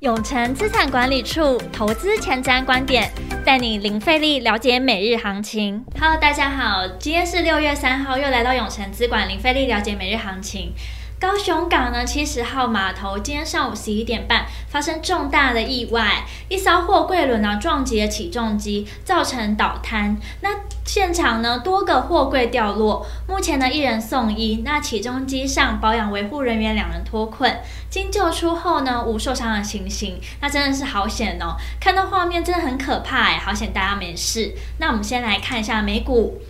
永誠資產管理處投資前瞻觀點，帶你零費力了解每日行情。哈囉，大家好，今天是六月三號，又來到永誠資管零費力了解每日行情。高雄港呢七十號碼頭今天上午十一點半發生重大的意外，一艘貨櫃輪呢撞擊了起重機，造成倒塌。那現場呢多個貨櫃掉落，目前呢一人送醫。那起重機上保養維護人員兩人脫困，經救出後呢無受傷的情形。那真的是好險哦！看到畫面真的很可怕哎、欸，好險大家沒事。那我們先來看一下美股。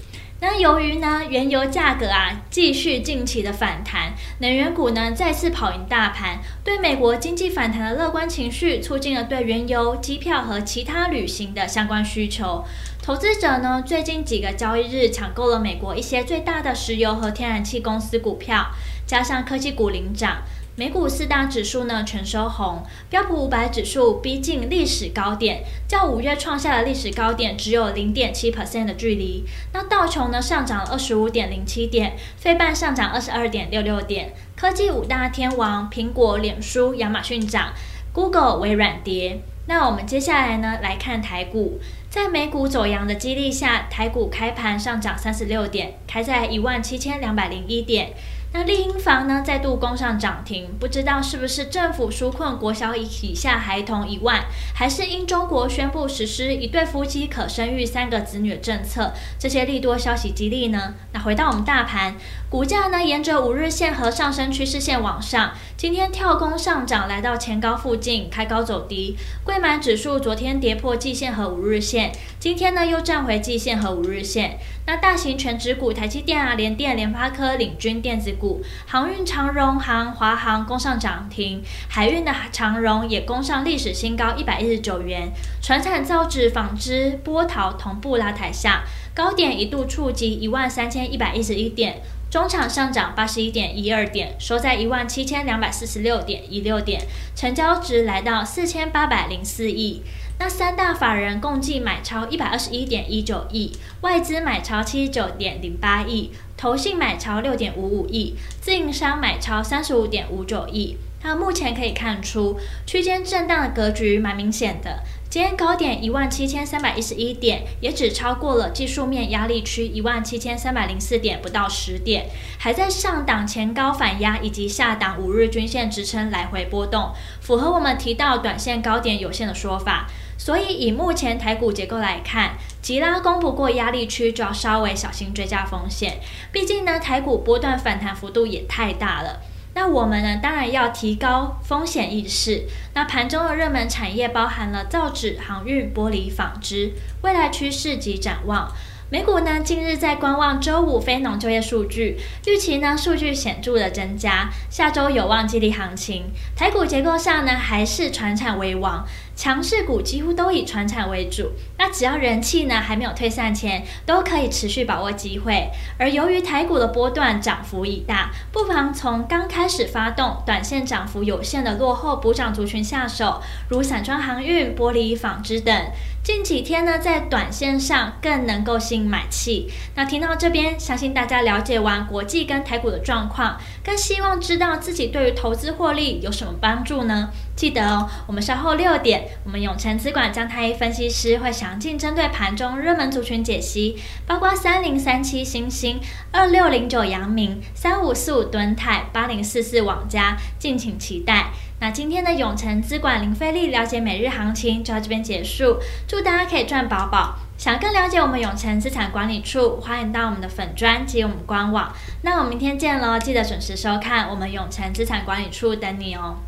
那由於呢，原油價格啊繼續近期的反彈，能源股呢再次跑贏大盤，對美國經濟反彈的樂觀情緒促進了對原油、機票和其他旅行的相關需求。投資者呢最近幾個交易日搶購了美國一些最大的石油和天然氣公司股票。加上科技股領漲，美股四大指數呢全收紅，標普五百指數逼近歷史高點，較五月創下的歷史高點只有零點七 percent 的距離。那道瓊呢上漲二十五點零七點，費半上漲二十二點六六點，科技五大天王蘋果、臉書、亞馬遜漲，Google、微軟跌。那我們接下來呢來看台股，在美股走揚的激勵下，台股開盤上漲三十六點，開在一萬七千兩百零一點。那麗嬰房呢再度攻上漲停，不知道是不是政府紓困國小以下孩童一萬，還是因中國宣布實施一對夫妻可生育三個子女政策，這些利多消息激勵呢？那回到我們大盤，股價呢沿着五日線和上升趨勢線往上，今天跳空上漲來到前高附近，開高走低。櫃買指數昨天跌破季線和五日線，今天呢又站回季線和五日線。那大型權值股台積電啊、聯電、聯發科、領軍電子。股航運長榮航、華航攻上漲停，海運的長榮也攻上歷史新高一百一十九元。傳產、造紙、紡織、玻陶同步拉抬下，高點一度觸及一萬三千一百一十一點，終場上漲八十一點一二點，收在一萬七千兩百四十六點一六點，成交值來到四千八百零四億。那三大法人共計買超一百二十一點一九億，外資買超七十九點零八億。投信買超六點五五億，自營商買超三十五點五九億。那目前可以看出，區間震盪的格局蠻明顯的。今天高點一萬七千三百一十一點，也只超過了技術面壓力區一萬七千三百零四點，不到十點，還在上檔前高反壓以及下檔五日均線支撐來回波動，符合我們提到短線高點有限的說法。所以，以目前台股結構來看，吉拉攻不過壓力區，就要稍微小心追加風險。畢竟呢，台股波段反彈幅度也太大了。那我們呢，當然要提高風險意識。那盤中的熱門產業包含了造紙、航運、玻璃、紡織。未來趨勢及展望，美股呢近日在觀望週五非農就業數據，預期呢數據顯著的增加，下週有望激勵行情。台股結構上呢，還是傳產為王。強勢股幾乎都以傳產為主，那只要人氣呢還沒有退散前，都可以持續把握機會。而由於台股的波段漲幅已大，不妨從剛開始發動、短線漲幅有限的落後補漲族群下手，如散裝航運、玻璃、紡織等。近幾天呢，在短線上更能夠吸引買氣。那聽到這邊，相信大家了解完國際跟台股的狀況，更希望知道自己對於投資獲利有什麼幫助呢？記得哦，我們稍後六點，我們永成資管姜太一分析師會詳盡針對盤中熱門族群解析，包括三零三七欣興、二六零九陽明、三五四五敦泰、八零四四網家，敬請期待。那今天的永成資管零費力了解每日行情就到這邊結束，祝大家可以賺飽飽。想更了解我們永成資產管理處，歡迎到我們的粉專及我們官網。那我們明天見嘍，記得準時收看我們永成資產管理處等你哦。